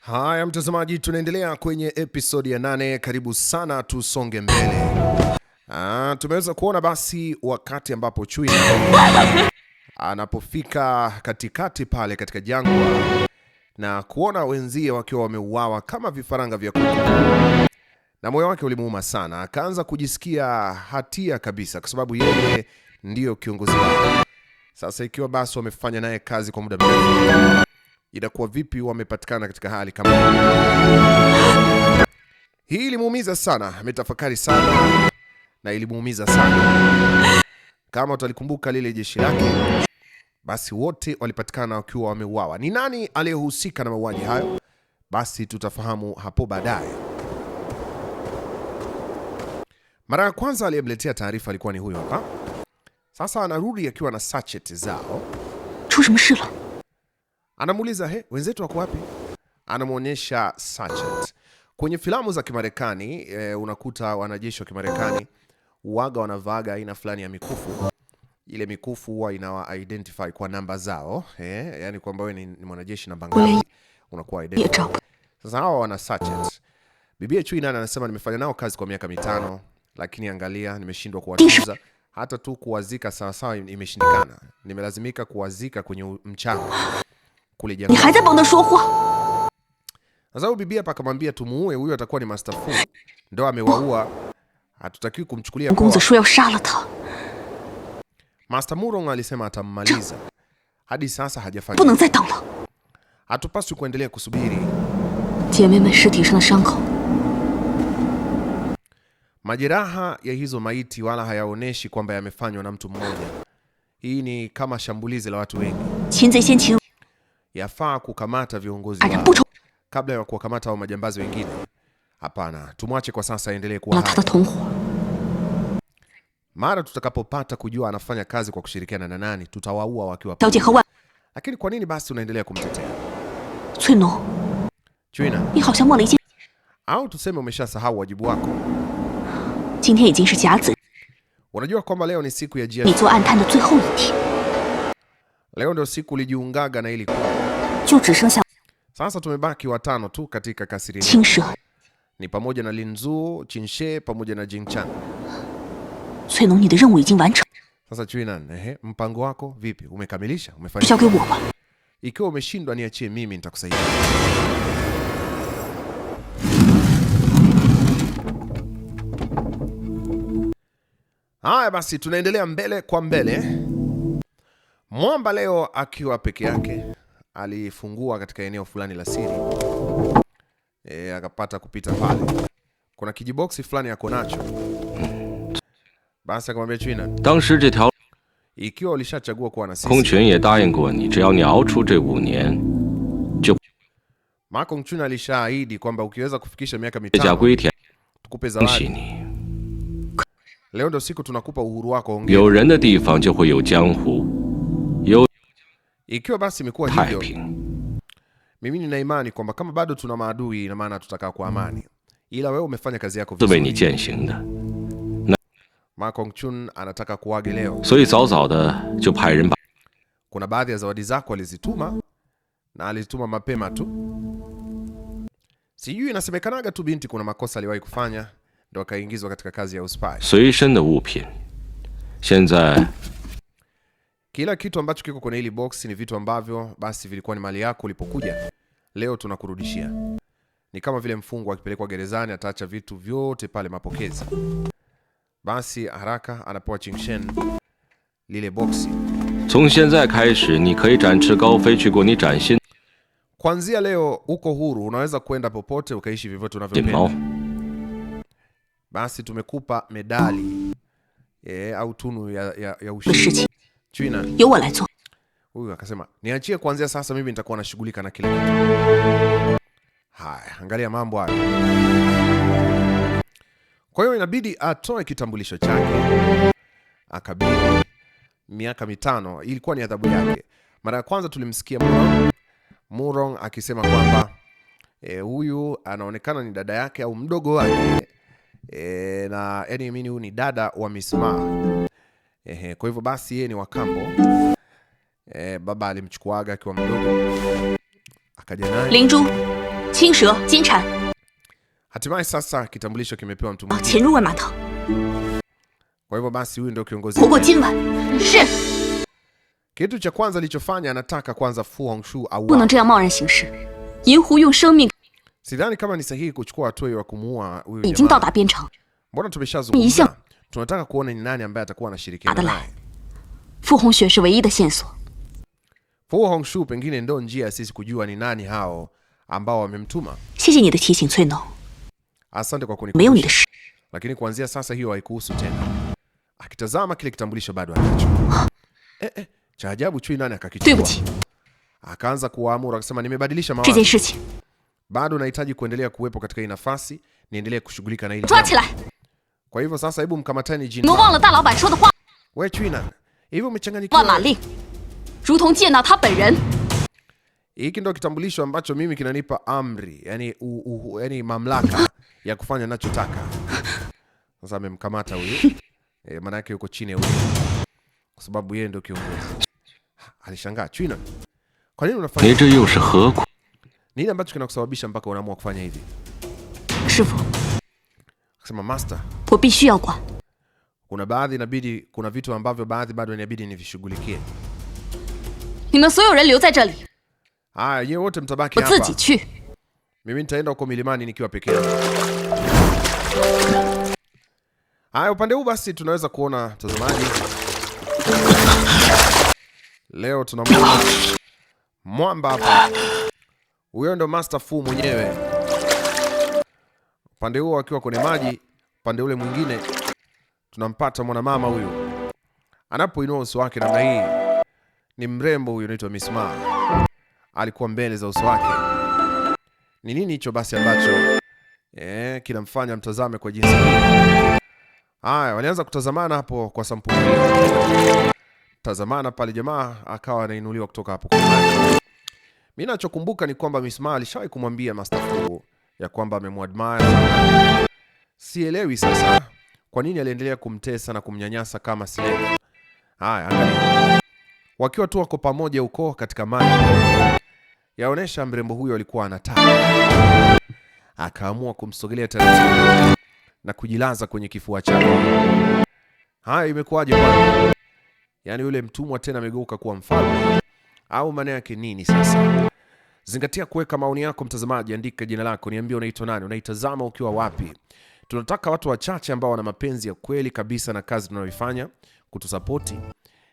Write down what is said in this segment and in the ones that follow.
Haya mtazamaji, tunaendelea kwenye episodi ya nane. Karibu sana, tusonge mbele. Ah, tumeweza kuona basi wakati ambapo chui anapofika katikati pale katika jangwa na kuona wenzie wakiwa wameuawa kama vifaranga vya kuku, na moyo wake ulimuuma sana, akaanza kujisikia hatia kabisa, kwa sababu yeye ndiyo kiongozi wake. Sasa ikiwa basi wamefanya naye kazi kwa muda mrefu, inakuwa vipi wamepatikana katika hali kama hii? Ilimuumiza sana, ametafakari sana na ilimuumiza sana. Kama utalikumbuka lile jeshi lake, basi wote walipatikana wakiwa wameuawa. Ni nani aliyehusika na mauaji hayo? Basi tutafahamu hapo baadaye. Mara ya kwanza aliyemletea taarifa alikuwa ni huyo hapa sasa anarudi akiwa na sachet zao. Anamuuliza, he, wenzetu wako wapi? Anamwonyesha sachet. Kwenye filamu za Kimarekani e, unakuta wanajeshi wa Kimarekani waga wanavaaga aina fulani ya mikufu. Ile mikufu huwa inawa identify kwa namba zao eh, yani kwamba wewe ni ni mwanajeshi namba ngapi unakuwa identify. Sasa hawa wana sachet. Bibi Chui nani anasema nimefanya nao kazi kwa miaka mitano, lakini angalia nimeshindwa kuwatuza hata tu kuwazika sawa sawa imeshindikana. Nimelazimika kuwazika kwenye mchanga kule jangwani. Sasa bibi hapa akamwambia tumuue huyo, atakuwa ni Master Fu, ndo amewaua, hatutakiwi kumchukulia kwa. Master Murong alisema atammaliza, hadi sasa hajafanya. Hatupaswi kuendelea kusubiri. shana Majeraha ya hizo maiti wala hayaoneshi kwamba yamefanywa na mtu mmoja. Hii ni kama shambulizi la watu wengi. Yafaa kukamata viongozi wao kabla ya kuwakamata hao majambazi wengine. Hapana, tumwache kwa sasa aendelee kuwa hai. Mara tutakapopata kujua anafanya kazi kwa kushirikiana na nani, tutawaua wakiwa. Lakini kwa nini basi unaendelea kumtetea? Au tuseme umeshasahau wajibu wako. 今天已经是甲子。Unajua kwamba leo ni siku ya jia. Leo ndio siku ulijiungaga na ili. Sasa tumebaki watano tu katika kasiri. Ni pamoja na Linzu, Chinshe pamoja na Cui Nong, ni de renwu Jinchan. Sasa Nan, ehe, mpango wako vipi? Umekamilisha? Umefanya? Ikiwa umeshindwa niachie mimi nitakusaidia. Haya basi, tunaendelea mbele kwa mbele. Mwamba leo akiwa peke yake alifungua katika eneo fulani la siri e, akapata kupita pale. Kuna kijiboksi fulani yako nacho, basi akamwambia China, ikiwa ulishachagua kuwa na sisi, Ma Kongqun alishaahidi kwamba ukiweza kufikisha miaka mitano tukupe zawadi Leo ndio siku tunakupa uhuru wako, ongea. yo ren de fang jiu hui you jianghu yo. Ikiwa basi imekuwa hivyo, mimi nina imani kwamba kama bado tuna maadui, ina maana tutakaa kwa amani, ila wewe umefanya kazi yako vizuri. Ma Kongqun anataka kuage leo, So yi zao zao pai ba. kuna baadhi ya zawadi zako alizituma na alizituma mapema tu. Sijui inasemekanaga tu binti kuna makosa aliwahi kufanya ndo akaingizwa katika kazi ya uspai. de Kila kitu ambacho kiko kwenye hili box ni vitu ambavyo basi vilikuwa ni mali yako ulipokuja, leo tunakurudishia. Ni kama vile mfungwa akipelekwa gerezani ataacha vitu vyote pale mapokezi. Basi haraka anapewa Chingshen lile boksi. Kuanzia leo uko huru, unaweza kwenda popote ukaishi vivyo unavyopenda basi tumekupa medali yeah, au tunu ya, ya, ya ushindi. China huyu akasema niachie kuanzia sasa, mimi nitakuwa nashughulika na kile kitu. Haya, angalia mambo hayo. Kwa hiyo inabidi atoe kitambulisho chake, akabidi miaka mitano. Ilikuwa ni adhabu yake. Mara ya kwanza tulimsikia Murong, Murong akisema kwamba e, huyu anaonekana ni dada yake au mdogo wake e, na yani mimi huyu ni dada wa Misma. ehe. Kwa hivyo basi yeye ni wa kambo. e, baba alimchukuaga akiwa mdogo akaja naye Linju Qingshe Jinchan. Hatimaye sasa kitambulisho kimepewa mtu ah, mmoja. wa mato. Kwa hivyo basi huyu ndio kiongozi. Huko Jinwa. Shi. Kitu cha kwanza alichofanya anataka kwanza Fu Hongxue au Sidhani kama ni sahihi kuchukua hatua ya kumuua huyu jamaa. Mbona tumeshazungumza? Tunataka kuona ni nani ambaye atakuwa anashirikiana naye. Fu Hongxue shi wei de xiansuo. Fu Hongxue pengine ndio njia ya sisi kujua ni nani hao ambao wamemtuma. Xie ni de tiqin Cui Nong. Asante kwa kunikumbusha. Lakini kuanzia sasa hiyo haikuhusu tena. Akitazama kile kitambulisho bado anacho. Eh eh, cha ajabu Chui nani akakichukua. Akaanza kuamuru akasema nimebadilisha mawazo bado nahitaji kuendelea kuwepo katika hii nafasi, niendelee kushughulika na hili. Kwa hivyo sasa, hebu mkamateni Jin. Wewe China, hivi umechanganyikiwa? Hiki ndo kitambulisho ambacho mimi kinanipa amri, yani, u, u, yani mamlaka ya kufanya nachotaka. Sasa amemkamata huyu e, eh, maana yake yuko chini huyu, kwa sababu yeye ndio kiongozi. Alishangaa China, kwa nini unafanya ni ile ambacho kinakusababisha mpaka unaamua kufanya hivi. Shifu akasema, master, kuna baadhi inabidi, kuna vitu ambavyo baadhi bado inabidi nivishughulikie. yote Ah, yeye wote mtabaki hapa, mimi nitaenda huko milimani nikiwa peke yangu. Haya, upande huu basi tunaweza kuona mtazamaji, leo tunamwona mwamba hapa huyo ndo Master Fu mwenyewe, upande huo akiwa kwenye maji, upande ule mwingine tunampata mwanamama huyu anapoinua uso wake namna hii. Ni mrembo huyu, anaitwa Miss Ma, alikuwa mbele za uso wake. Ni nini hicho basi ambacho eh, kinamfanya mtazame kwa jinsi haya? Walianza kutazamana hapo kwa sampuli, tazamana pale, jamaa akawa anainuliwa kutoka hapo kwa Mi nachokumbuka ni kwamba Miss Ma alishawahi kumwambia Master Fu ya kwamba amemwadmire Sielewi sasa kwa nini aliendelea kumtesa na kumnyanyasa kama sielewi. Haya, angalia. Wakiwa tu wako pamoja huko katika maji, yaonesha mrembo huyo alikuwa anataka, akaamua kumsogelea taratibu na kujilaza kwenye kifua chake. Haya, imekuwaje bwana? Yaani yule mtumwa tena amegeuka kuwa mfalme au maana yake nini sasa? Zingatia kuweka maoni yako mtazamaji, andika jina lako, niambie unaitwa nani, unaitazama ukiwa wapi. Tunataka watu wachache ambao wana mapenzi ya kweli kabisa na kazi tunayoifanya kutusapoti.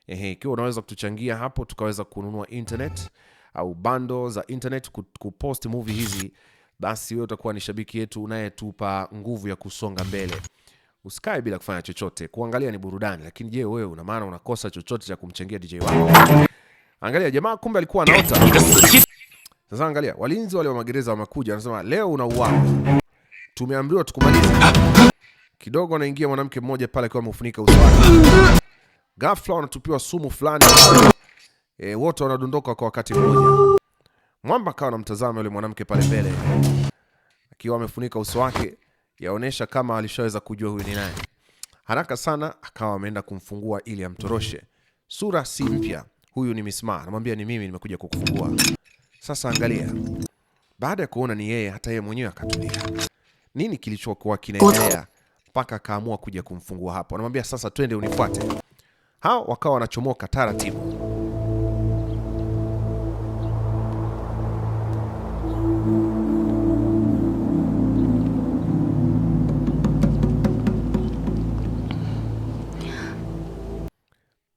Ehe, ikiwa unaweza kutuchangia hapo tukaweza kununua internet au bando za internet kupost movie hizi, basi wewe utakuwa ni shabiki yetu unayetupa nguvu ya kusonga mbele. Usikae bila kufanya chochote. Kuangalia ni burudani, lakini je, wewe una maana unakosa chochote cha kumchangia DJ wako? Angalia jamaa, kumbe alikuwa anaota sasa angalia, walinzi wale wa magereza wamekuja, wanasema leo unauawa, tumeambiwa tukumalize. Kidogo anaingia mwanamke mmoja pale akiwa amefunika uso wake, ghafla wanatupiwa sumu fulani e, wote wanadondoka kwa wakati mmoja. Mwamba akawa anamtazama yule mwanamke pale mbele akiwa amefunika uso wake, yaonesha kama alishaweza kujua huyu ni nani. Haraka sana akawa ameenda kumfungua ili amtoroshe. Sura si mpya, huyu ni Misma, anamwambia ni mimi nimekuja kukufungua. Sasa angalia, baada ya kuona ni yeye, hata yeye mwenyewe akatulia. Nini kilichokuwa kinaendelea mpaka akaamua kuja kumfungua hapo? Anamwambia sasa, twende unifuate. Hao wakawa wanachomoka taratibu.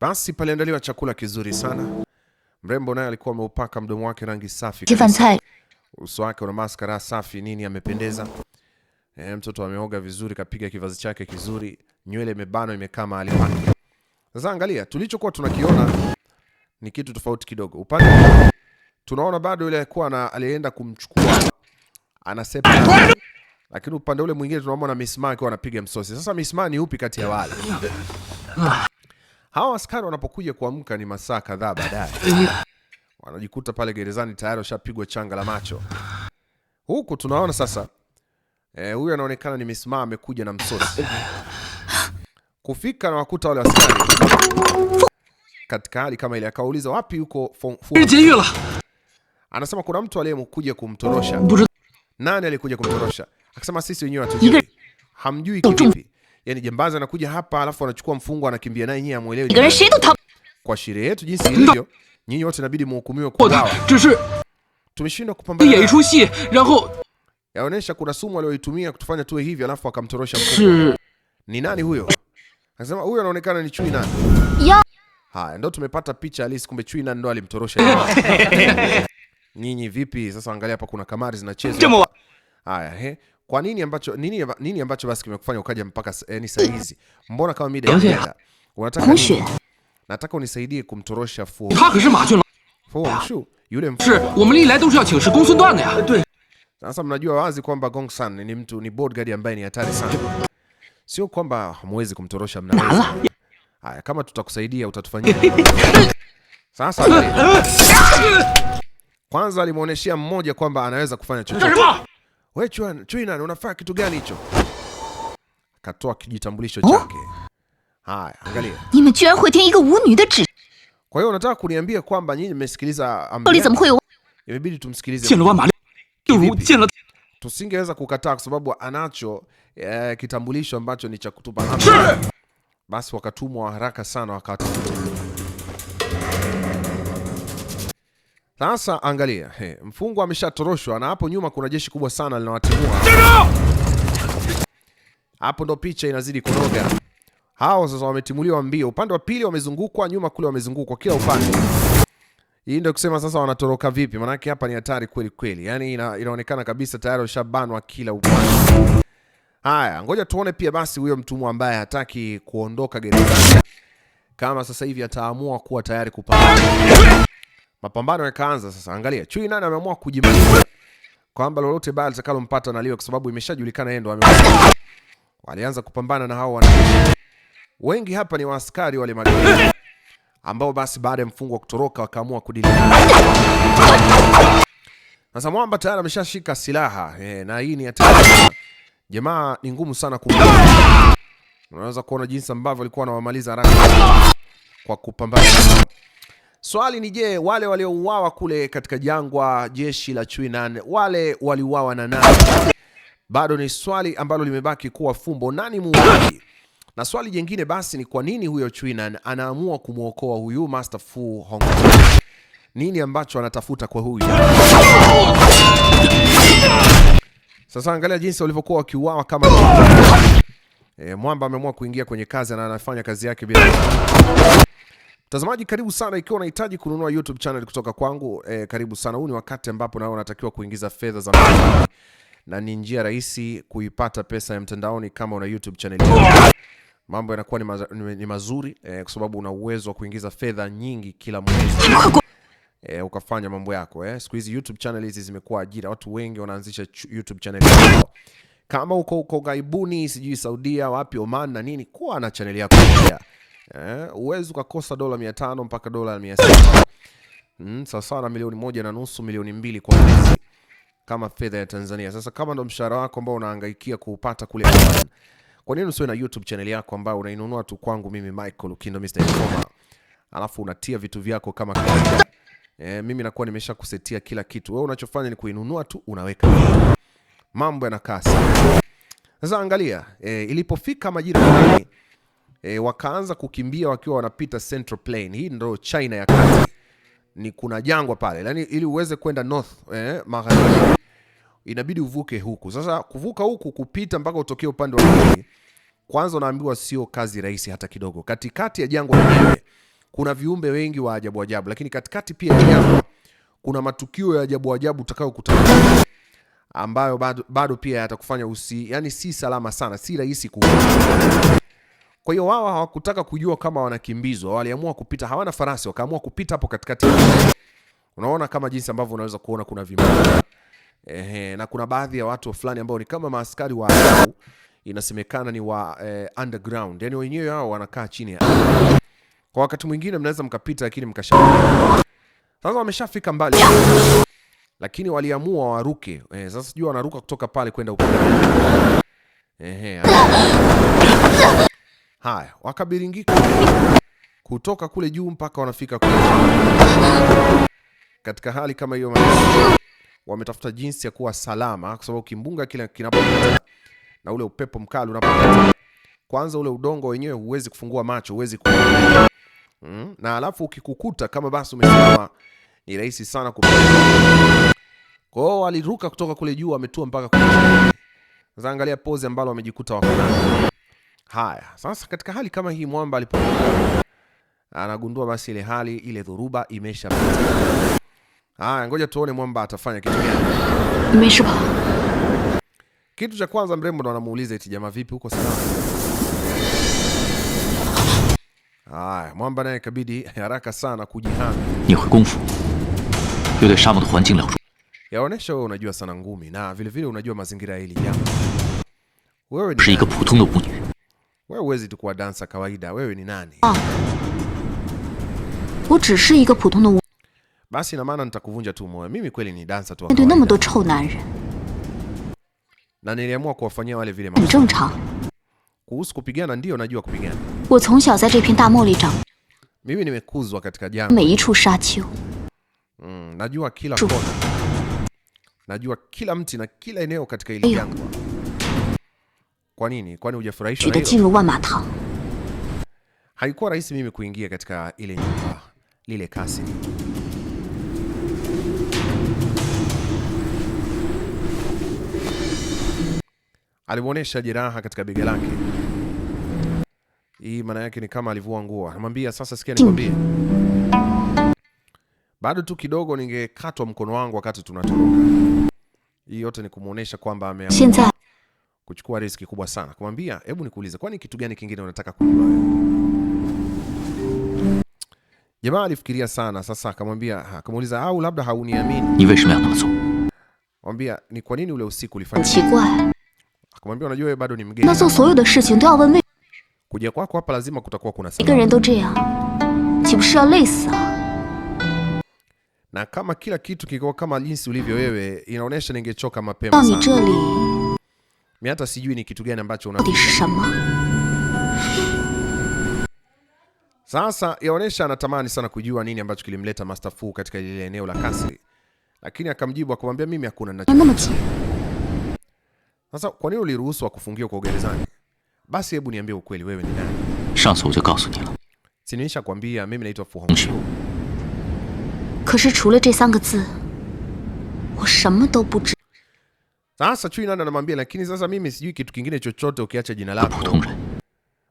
Basi paliandaliwa chakula kizuri sana Mrembo naye alikuwa ameupaka mdomo wake rangi safi Uso wake una maskara safi nini, amependeza. E, eh, mtoto ameoga vizuri, kapiga kivazi chake kizuri, nywele imebanwa imekaa mahali pake. Sasa angalia, tulichokuwa tunakiona ni kitu tofauti kidogo. Upande tunaona bado yule alikuwa na alienda kumchukua anasepa, lakini upande ule mwingine tunaona Miss Ma akiwa anapiga msosi. Sasa Miss Ma ni upi kati ya wale? Hawa askari wanapokuja kuamka ni masaa kadhaa baadaye, wanajikuta pale gerezani tayari washapigwa changa la macho. Huku tunaona sasa eh, huyu anaonekana ni nimesimama, amekuja na msosi. Kufika na wakuta wale askari katika hali kama ile, akauliza wapi yuko anasema kuna mtu aliyekuja kumtorosha. Nani alikuja kumtorosha? Akasema sisi wenyewe hatujui. Hamjui kivipi? Yani jambazi anakuja hapa alafu anachukua mfungo anakimbia naye, nyinyi hamuelewi. Kwa sheria yetu jinsi ilivyo, nyinyi wote inabidi muhukumiwe kwa dawa. Tumeshindwa kupambana. Yaonesha kuna sumu aliyoitumia kutufanya tuwe hivi, alafu akamtorosha mfungo. Ni nani huyo? Anasema huyo anaonekana ni Chui Nan. Haya ndo tumepata picha halisi, kumbe Chui nani ndo alimtorosha. Eh. Nyinyi vipi sasa? Angalia hapa kuna kamari zinacheza. Haya he kwa nini ambacho nini, nini ambacho basi kimekufanya ukaja mpaka yani saa hizi? Mbona kama mimi dada, unataka nini? Nataka unisaidie kumtorosha Fu Hongxue yule mfu. Duan ya. Sasa mnajua wazi kwamba Gongsun ni mtu ni bodyguard ambaye ni hatari sana. Sio kwamba hamwezi kumtorosha, mna. Haya, kama tutakusaidia utatufanyia. Sasa kwanza alimuoneshia mmoja kwamba anaweza kufanya chochote we Chuan, nani, unafaa kitu gani hicho? Akatoa kijitambulisho chake. Haya, angalia. Kwa hiyo unataka kuniambia kwamba nyinyi mmesikiliza amri? Imebidi tumsikilize. Tusingeweza kukataa kwa sababu anacho eh, kitambulisho ambacho ni cha kutupa. Basi wakatumwa haraka sana wakati Sasa angalia, hey, mfungwa ameshatoroshwa na hapo nyuma kuna jeshi kubwa sana linawatimua. Hapo ndo picha inazidi kunoga. Hao sasa wametimuliwa mbio, upande wa pili wamezungukwa, nyuma kule wamezungukwa kila upande. Hii ndio kusema sasa wanatoroka vipi? Maanake hapa ni hatari kweli kweli, yaani ina, inaonekana kabisa tayari washabanwa kila upande. Haya, ngoja tuone pia basi huyo mtumwa ambaye hataki kuondoka gerezani kama sasa hivi ataamua kuwa tayari kupaa Mapambano yakaanza sasa. Angalia, Chui nani ameamua kujimaliza kwamba lolote baya litakalompata na liwe, kwa sababu imeshajulikana yeye ndo ameamua. Walianza kupambana na hao wanajeshi wengi, hapa ni waaskari wale madogo ambao basi baada ya mfungwa kutoroka wakaamua kudili. Sasa mwamba tayari ameshashika silaha eh, na hii ni hatari. Jamaa ni ngumu sana ku unaweza kuona jinsi ambavyo alikuwa anawamaliza haraka kwa kupambana Swali ni je, wale waliouawa kule katika jangwa jeshi la chui nane, wale waliuawa na nani? Bado ni swali ambalo limebaki kuwa fumbo, nani muuaji? Na swali jingine basi ni kwa nini huyo Chui Nan anaamua kumwokoa huyu Master Fu Hongxue? Nini ambacho anatafuta kwa huyu? Sasa angalia jinsi walivyokuwa wakiuawa kama e, mwamba ameamua kuingia kwenye kazi na anafanya kazi yake bila Mtazamaji karibu sana, ikiwa unahitaji kununua YouTube channel kutoka kwangu eh, karibu sana. Huu ni wakati ambapo nawe unatakiwa kuingiza fedha za mtandaoni, na ni njia rahisi kuipata pesa ya mtandaoni kama una YouTube channel. Mambo yanakuwa ni, ma ni mazuri eh, kwa sababu una uwezo wa kuingiza fedha nyingi kila mwezi eh, ukafanya mambo yako eh. Siku hizi YouTube channel hizi zimekuwa ajira, watu wengi wanaanzisha YouTube channel yao kama uko uko gaibuni, sijui Saudia, wapi Oman na nini, kuwa na channel yako ya eh, eh, ukakosa dola mia tano mpaka dola mia sita mm, sawasawa na milioni moja na nusu milioni mbili kwa mwezi kama fedha ya Tanzania. Sasa kama ndo mshahara wako ambao unahangaikia kuupata kule Oman, kwa nini usiwe na YouTube channel yako ambayo unainunua tu kwangu mimi Michael Lukindo Mr. Ikoma, alafu unatia vitu vyako kama kawaida eh, mimi nakuwa nimesha kusetia kila kitu. Wewe unachofanya ni kuinunua tu unaweka, mambo yanakaa sawa. Sasa angalia eh, ilipofika majira fulani e, wakaanza kukimbia wakiwa wanapita Central Plain. Hii ndo China ya kati, ni kuna jangwa pale, yani ili uweze kwenda north eh, magharibi inabidi uvuke huku. Sasa kuvuka huku kupita mpaka utokee upande wa pili, kwanza unaambiwa sio kazi rahisi hata kidogo. Katikati ya jangwa lenyewe kuna viumbe wengi wa ajabu ajabu, lakini katikati pia ya jangwa kuna matukio ya ajabu ajabu utakayokutana ambayo bado, bado pia yatakufanya usi, yani si salama sana, si rahisi kuvuka. Kwa hiyo wao hawakutaka kujua kama wanakimbizwa, waliamua kupita, hawana farasi, wakaamua kupita hapo katikati. Unaona kama jinsi ambavyo unaweza kuona kuna vimbari. Ehe, na kuna baadhi ya watu fulani ambao ni kama maaskari wa ajabu, inasemekana ni wa eh, underground. Yani wenyewe hao wanakaa chini ya kwa wakati mwingine mnaweza mkapita, lakini mkashaa. Sasa wameshafika mbali, lakini waliamua waruke. Eh, sasa sijui wanaruka kutoka pale kwenda upande. Ehe. Haya, wakabiringika kutoka kule juu mpaka wanafika kule. Katika hali kama hiyo, wametafuta jinsi ya kuwa salama, kwa sababu kimbunga kile kinapopita na ule upepo mkali unapopita, kwanza ule udongo wenyewe huwezi kufungua macho, huwezi ku mm, na alafu ukikukuta kama basi umesimama, ni rahisi sana ku kwao. Waliruka kutoka kule juu, wametua mpaka kule. Sasa angalia pose ambalo wamejikuta wako Haya, sasa katika hali kama hii mwamba alipo anagundua basi ile hali ile dhuruba imesha. Haya, ngoja tuone mwamba atafanya kitu gani. Kitu cha kwanza mrembo ndo anamuuliza eti jamaa, vipi huko salama? Haya, mwamba naye kabidi haraka sana kujihami. Yaonesha wewe unajua sana ngumi na vile vile unajua mazingira ya hili jamaa. Wewe ni wewe huwezi tu kuwa dansa kawaida, wewe ni nani? Ah. Basi na maana nitakuvunja tu moyo. Mimi kweli ni dansa tu. Na niliamua kuwafanyia wale vile mambo. Kuhusu kupigana, ndio najua kupigana. Mimi nimekuzwa katika jangwa. Mm, najua kila kona. Najua kila mti na kila eneo katika ile jangwa. Kwa nini? Kwani hujafurahishwa na hilo? Haikuwa rahisi mimi kuingia katika ile nyumba, lile kasi. Alimuonesha jeraha katika bega lake. Hii maana yake ni kama alivua nguo. Anamwambia sasa, sikia nikwambie. Bado tu kidogo ningekatwa mkono wangu wakati tunatoroka. Hii yote ni kumuonesha kwamba ameamua kuchukua riski kubwa sana. Kumwambia, hebu nikuulize, kwani kitu gani kingine unataka kujua Jamaa alifikiria sana sasa, akamwambia, akamuuliza, au labda hauniamini? Mwambia, ni kwa nini ule usiku ulifanya? Akamwambia, unajua wewe bado ni mgeni. Kuja kwako hapa lazima kutakuwa kuna sababu. Na kama kila kitu kiko kama jinsi ulivyo wewe, inaonyesha ningechoka mapema sana. Mimi hata sijui ni kitu gani ambacho una sasa. Yaonesha anatamani sana kujua nini ambacho kilimleta Master Fu katika ile eneo la kasri, lakini akamjibu akamwambia, mimi hakuna ninacho. Sasa kwa nini uliruhusu akufungie kwa gerezani? Basi hebu niambie ukweli, wewe ni nani? Si nilishakwambia mimi naitwa Fu Hongxue. Kasi, sasa Chui nani anamwambia, lakini sasa mimi sijui kitu kingine chochote ukiacha jina lako.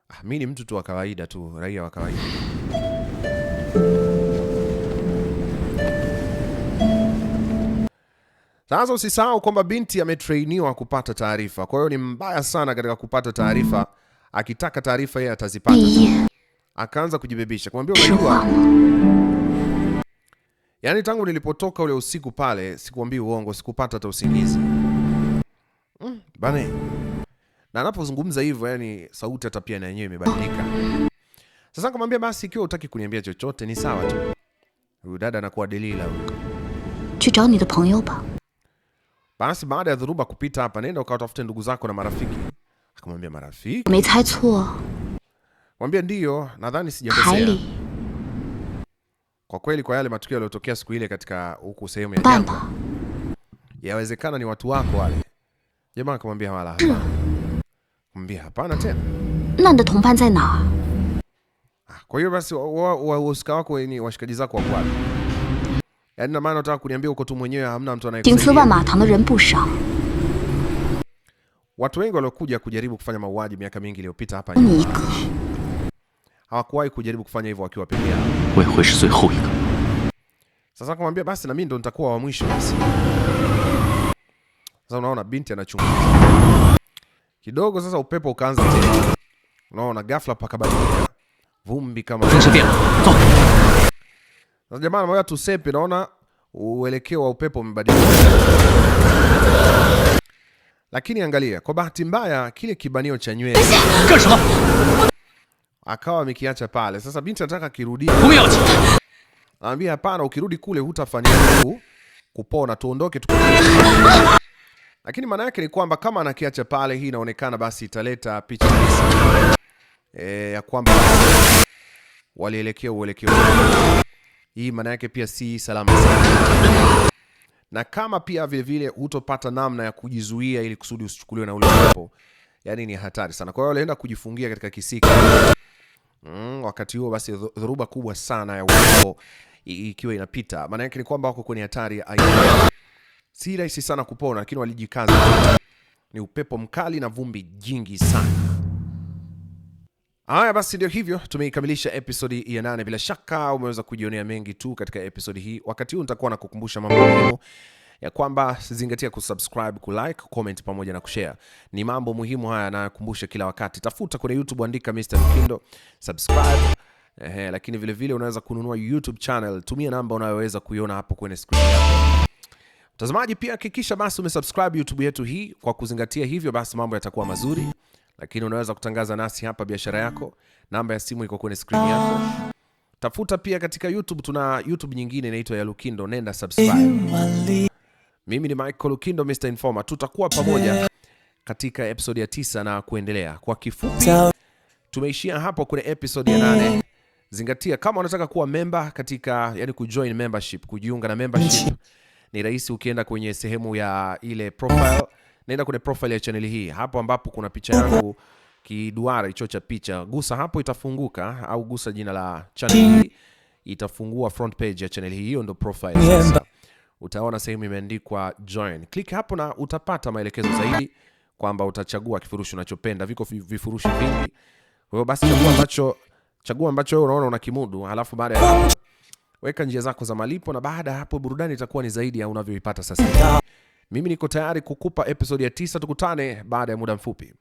Ah, mimi ni mtu tu wa kawaida tu, raia wa kawaida. Sasa usisahau kwamba binti ametrainiwa kupata taarifa, kwa hiyo ni mbaya sana katika kupata taarifa. Akitaka taarifa yeye atazipata. Akaanza kujibebisha kumwambia, unajua yaani, tangu nilipotoka ule usiku pale, sikuambii uongo, sikupata hata usingizi Mm. bana. Na anapozungumza hivyo, yani sauti hata pia na yenyewe imebadilika. Sasa nikamwambia basi, ikiwa utaki kuniambia chochote ni sawa tu. Huyu dada anakuwa Delila huko. Chao ni de ba. Basi baada ya dhuruba kupita hapa, nenda ukawatafute ndugu zako na marafiki. Akamwambia marafiki? Umecai Mwambia ndiyo, nadhani sijakosea. Kwa kweli kwa yale matukio yaliyotokea siku ile katika huku sehemu ya jangwa. Yawezekana ni watu wako wale. Jamaa akamwambia wala hapana. Kumwambia hapana tena. Na ndo tumpan zai na. Ah, Kwa hiyo basi wahusika wako ni washikaji zako wako wapi? Yaani na maana unataka kuniambia uko tu mwenyewe hamna mtu anayekusaidia. Watu wengi waliokuja kujaribu kufanya mauaji miaka mingi iliyopita hapa nyuma. Hawakuwahi kujaribu kufanya hivyo wakiwa peke yao. Sasa akamwambia basi na mimi ndo nitakuwa wa mwisho basi. Sasa unaona binti anachunguza kidogo, sasa upepo ukaanza tena, unaona ghafla pakabadilika vumbi kama sasa. Jamani, moja tusepe, naona uelekeo wa upepo umebadilika, lakini angalia, kwa bahati mbaya kile kibanio cha nywele akawa amekiacha pale. Sasa binti anataka kirudie, anambia hapana, ukirudi kule hutafanikiwa kupona, tuondoke tu lakini maana yake ni kwamba kama anakiacha pale, hii inaonekana basi italeta picha e, ya kwamba walielekea uelekeo. Hii maana yake pia si salama sana, na kama pia vile vile hutopata namna ya kujizuia ili kusudi usichukuliwe na ule upepo, yani ni hatari sana. Kwa hiyo walienda kujifungia katika kisiki mm, wakati huo basi dhoruba kubwa sana ya upepo ikiwa inapita, maana yake ni kwamba wako kwenye hatari ya si rahisi sana kupona, lakini walijikaza. Ni upepo mkali na vumbi jingi sana. Haya basi, ndio hivyo, tumeikamilisha episodi ya nane. Bila shaka umeweza kujionea mengi tu katika episodi hii. Wakati huu nitakuwa na kukumbusha mambo muhimu ya kwamba zingatia kusubscribe, kulike, comment pamoja na kushare. Ni mambo muhimu haya nayakumbusha kila wakati. Tafuta kwenye YouTube, andika Mr Mkindo, subscribe. Ehe, lakini vilevile vile unaweza kununua YouTube channel, tumia namba unayoweza kuiona hapo kwenye screen yako. Mtazamaji, pia hakikisha basi umesubscribe YouTube yetu hii. Kwa kuzingatia hivyo, basi mambo yatakuwa mazuri, lakini unaweza kutangaza nasi hapa biashara yako. Namba ya simu iko kwenye screen yako, tafuta pia katika YouTube. Tuna YouTube nyingine inaitwa ya Lukindo, nenda subscribe. Mimi ni Michael Lukindo, Mr Informer. Tutakuwa pamoja katika episode ya tisa na kuendelea. Kwa kifupi, tumeishia hapo kwenye episode ya nane. Zingatia kama unataka kuwa member katika, yani kujoin membership, kujiunga na membership ni rahisi ukienda kwenye sehemu ya ile profile, naenda kwenye profile ya channel hii hapo ambapo kuna picha yangu kiduara hicho cha picha, gusa hapo itafunguka, au gusa jina la channel hii itafungua front page ya channel hii. Hiyo ndio profile sasa. Utaona sehemu imeandikwa join, click hapo na utapata maelekezo zaidi kwamba utachagua kifurushi unachopenda. Viko vifurushi vingi, kwa hiyo basi chagua ambacho chagua ambacho wewe unaona unakimudu, halafu baada ya weka njia zako za malipo, na baada ya hapo burudani itakuwa ni zaidi ya unavyoipata sasa. Mimi niko tayari kukupa episodi ya tisa. Tukutane baada ya muda mfupi.